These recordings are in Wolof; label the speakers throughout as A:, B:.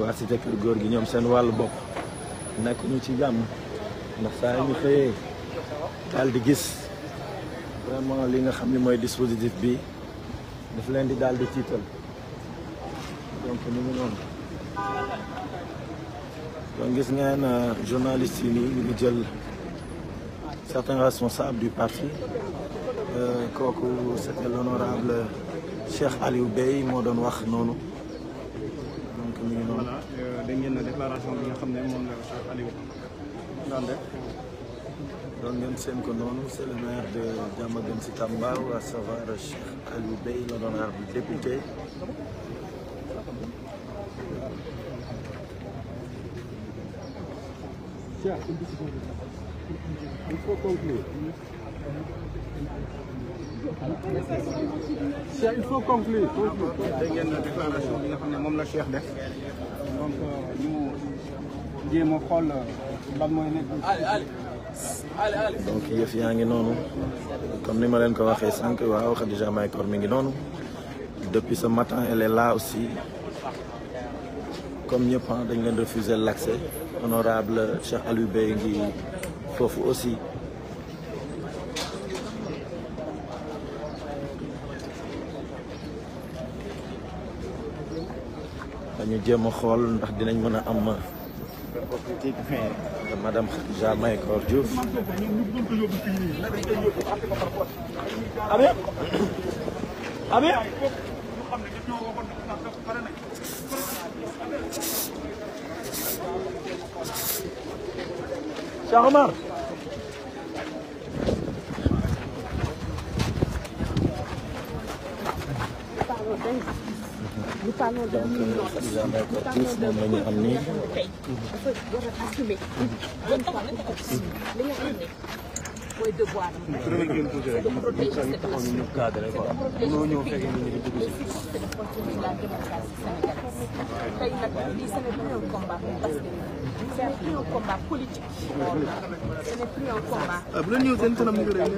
A: waa cité kër góor gi ñoom seen wàllu bopp nekk ñu ci jàmm ndax saa yi ñu xëyee daal di gis vraiment li nga xam ne mooy dispositif bi daf leen di daal di tiital donc ni mu noonu donc gis ngeen euh, journaliste yi nii ñu ngi jël certains responsables du parti euh, kooku c'était l'honorable Cheikh Aliou Bey moo doon wax noonu donc ñu ngi noonu. voilà euh, dégg ngeen na déclaration bi nga xam ne moom la Cheikh Aliou daan def. doon ngeen seen ko noonu c'est le maire de Diamaguène Sicap Mbao à savoir Cheikh Aliou Beye l'honorable député. Cheikh, il faut conclure. Cheikh il faut conclure. Ah, dégg ngeen déclaration bi nga xam ne moom la Cheikh def donc euh, ñu jéem a xool euh, lan mooy nekk. donc yëf yaa ngi noonu comme ni ma leen ko waxee sànq waaw Khadija Mahécor mi ngi noonu depuis ce matin elle est là aussi comme ñëpp ah, dañ leen refuser l'accès honorable Cheikh Aliou Bey ngi foofu aussi. dañu jéem a xool ndax dinañ mën a am madame Khadija Mahécor Diouf amee amee donc genre cortis moom la ñu am nii. mooy devoir am. ñu cadré quoi mënoo ñëw fekk ñu ngi dugg si. tey nag lii ce n'est plus un combat parce que c'est un combat politique. ce n'est plus un combat. bu leen ñëw seen kanam ñu ngi lay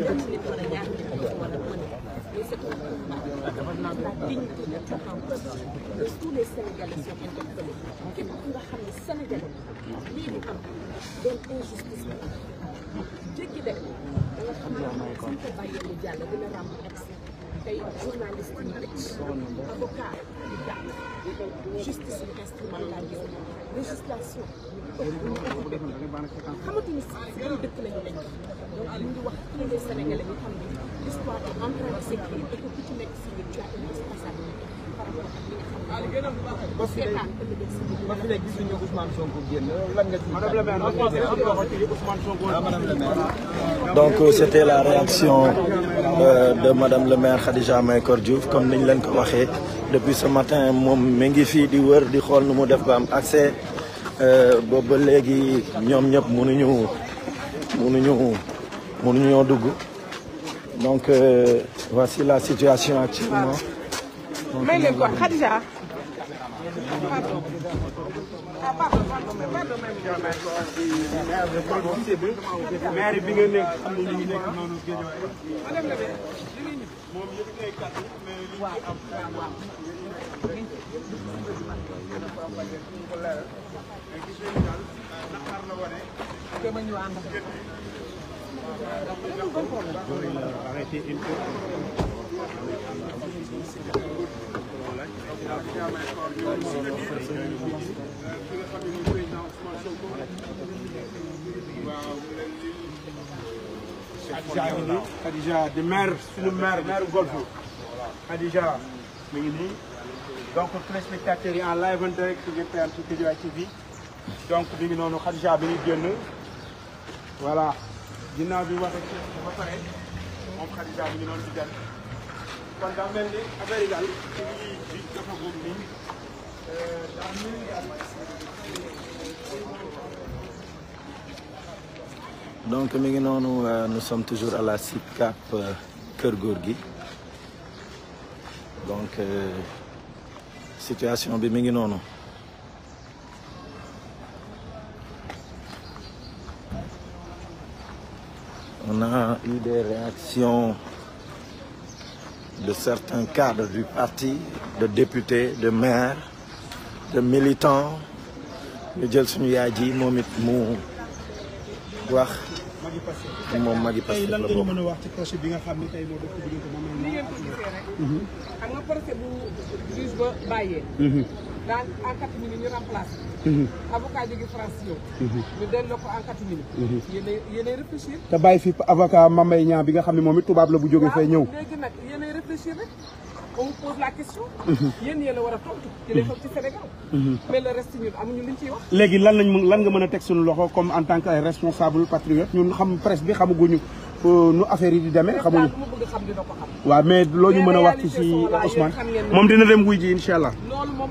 A: on a la dignité de Touham. Tous les Sénégalais sont interpellés. Képp ku nga xam ne Sénégalais lii di am doon injustice la. Jékki de
B: da nga xam ne suñ ko
A: bàyyee mu jàll dina ràmb tey journaliste yi tëj avocat yi dàq justice bi instrumentalisée législation xamatuñu si yan dëkk lañu nekk donc ñu ngi wax tous les sénégalais ñu xam ne l'histoire est en train de s'écrire et que ku ci nekk si biir tu as une responsabilité ba fi ne ba donc euh, c'était la réaction euh, de madame le maire Khadija Mahécor Diouf comme niñ leen ko waxee depuis ce matin moom mi ngi fii di wër di xool nu mu def ba am accès euh, boobu ba léegi ñoom ñëpp mënuñu mënuñu mënuñoo dugg donc euh, voici la situation actuellement. may leen ko Khadija pardon ah pardon pardon mais pardon mais maire bi nga nekk am na ñu ngi nekk noonu géej waaye madame la moom yëpp lay kàtt mais li ñu am Arrêtez une fois. Khadija ngi nii Khadija di maire suñu maire maire golf Khadija mi ngi nii donc téléspectateurs yi en live en direct sur GPM sur Guédiawaye TV donc mi ngi noonu Khadija bi ñuy génn voilà ginnaaw bi wax ba pare moom Khadija mi ngi noonu di dem Euh, donc mi ngi noonu euh, nous sommes toujours à la SICAP euh, Kër Gorgui donc euh, situation bi mi ngi noonu on a eu des réactions de certains cadres du parti de député de maires de militants ñu jël suñu yaay ji moom it mu wax moom Magui Pastef la wax ci bi nga xam ne tey moo dëkk bi ngeen ko moom xam nga bu juge mhm. mhm. mhm. bàyyi fi avocat Mambay Niang bi nga xam ne moom it tubaab la bu jóge fee ñëw Mhm. a a tontu. Mhm. ci les léegi lan lañ mën lan nga mën a teg suñu loxo comme en tant que ay responsable patriote ñun xam presse bi xamaguñu euh, nu affaire yi di demee. xamuñu bëgg xam ko xam. waaw mais loo ñu mën a wax ci si Ousmane moom dina dem wuy ji incha allah. loolu moom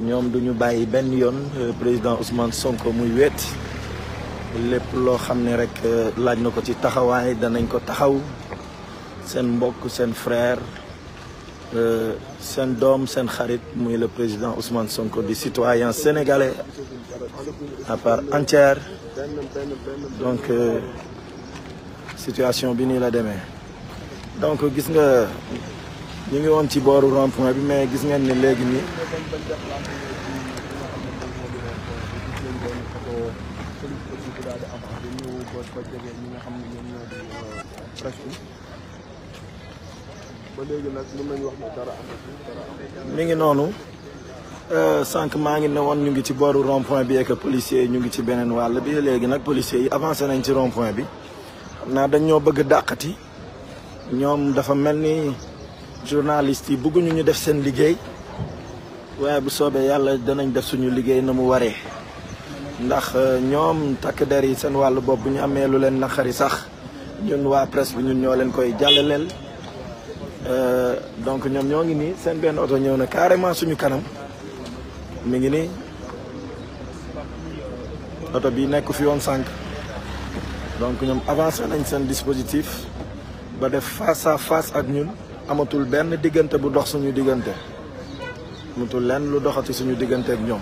A: ñoom duñu bàyyi benn yoon euh, président Ousmane Sonko muy weet lépp loo xam ne rek euh, laaj na ko ci taxawaay danañ ko taxaw seen mbokk seen frère euh, seen doom seen xarit muy le président Ousmane Sonko di citoyen sénégalais à part entière donc situation bi nii la demee donc gis nga ñu ngi woon ci booru rond bi mais gis ngeen ni léegi nii mi ngi noonu euh, sànq maa ngi ne woon ñu ngi ci booru rond bi et que yi ñu ngi ci beneen wàll bi léegi nag policiers yi avancé nañ ci rond bi xam naa dañ ñoo bëgg dàqati ñoom dafa mel ni journaliste yi bëgguñu ñu def seen liggéey waaye bu soobee yàlla danañ def suñu liggéey na mu waree ndax euh, ñoom takk der yi seen wàllu bopp bu ñu amee lu leen naqari sax ñun waa presse bi ñun ñoo leen koy jàllaleel euh, donc ñoom ñoo ngi nii seen benn oto ñëw na carrément suñu kanam mi ngi nii oto bi nekk fi yoon sànq donc ñoom avancé nañ seen dispositif ba def face à face ak ñun amatul benn diggante bu dox suñu diggante amatul lenn lu doxati suñu diggante ak ñoom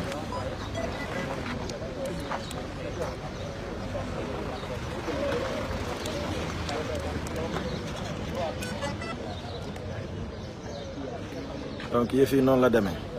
A: donc noonu la demee